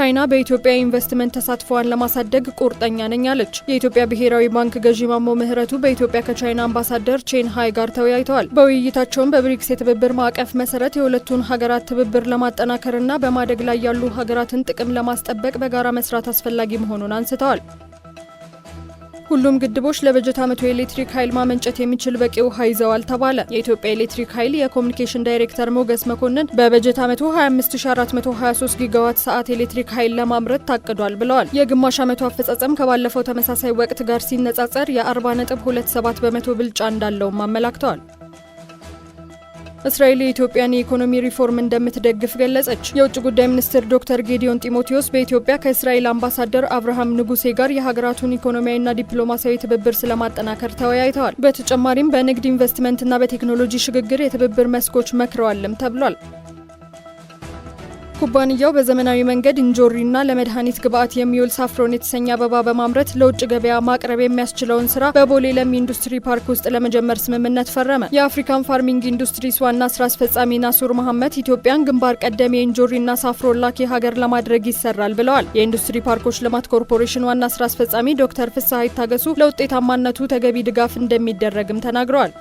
ቻይና በኢትዮጵያ ኢንቨስትመንት ተሳትፎዋን ለማሳደግ ቁርጠኛ ነኝ አለች። የኢትዮጵያ ብሔራዊ ባንክ ገዢ ማሞ ምህረቱ በኢትዮጵያ ከቻይና አምባሳደር ቼን ሀይ ጋር ተወያይተዋል። በውይይታቸውም በብሪክስ የትብብር ማዕቀፍ መሰረት የሁለቱን ሀገራት ትብብር ለማጠናከርና በማደግ ላይ ያሉ ሀገራትን ጥቅም ለማስጠበቅ በጋራ መስራት አስፈላጊ መሆኑን አንስተዋል። ሁሉም ግድቦች ለበጀት ዓመቱ የኤሌክትሪክ ኃይል ማመንጨት የሚችል በቂ ውሃ ይዘዋል ተባለ። የኢትዮጵያ ኤሌክትሪክ ኃይል የኮሚኒኬሽን ዳይሬክተር ሞገስ መኮንን በበጀት ዓመቱ 25423 ጊጋዋት ሰዓት ኤሌክትሪክ ኃይል ለማምረት ታቅዷል ብለዋል። የግማሽ ዓመቱ አፈጻጸም ከባለፈው ተመሳሳይ ወቅት ጋር ሲነጻጸር የ40.27 በመቶ ብልጫ እንዳለውም አመላክተዋል። እስራኤል የኢትዮጵያን የኢኮኖሚ ሪፎርም እንደምትደግፍ ገለጸች። የውጭ ጉዳይ ሚኒስትር ዶክተር ጌዲዮን ጢሞቴዎስ በኢትዮጵያ ከእስራኤል አምባሳደር አብርሃም ንጉሴ ጋር የሀገራቱን ኢኮኖሚያዊና ዲፕሎማሲያዊ ትብብር ስለማጠናከር ተወያይተዋል። በተጨማሪም በንግድ ኢንቨስትመንትና በቴክኖሎጂ ሽግግር የትብብር መስኮች መክረዋልም ተብሏል። ኩባንያው በዘመናዊ መንገድ እንጆሪና ለመድኃኒት ግብዓት የሚውል ሳፍሮን የተሰኘ አበባ በማምረት ለውጭ ገበያ ማቅረብ የሚያስችለውን ስራ በቦሌ ለሚ ኢንዱስትሪ ፓርክ ውስጥ ለመጀመር ስምምነት ፈረመ። የአፍሪካን ፋርሚንግ ኢንዱስትሪስ ዋና ስራ አስፈጻሚ ናሱር መሐመድ ኢትዮጵያን ግንባር ቀደም የእንጆሪና ሳፍሮን ላኪ ሀገር ለማድረግ ይሰራል ብለዋል። የኢንዱስትሪ ፓርኮች ልማት ኮርፖሬሽን ዋና ስራ አስፈጻሚ ዶክተር ፍስሐ ይታገሱ ለውጤታማነቱ ተገቢ ድጋፍ እንደሚደረግም ተናግረዋል።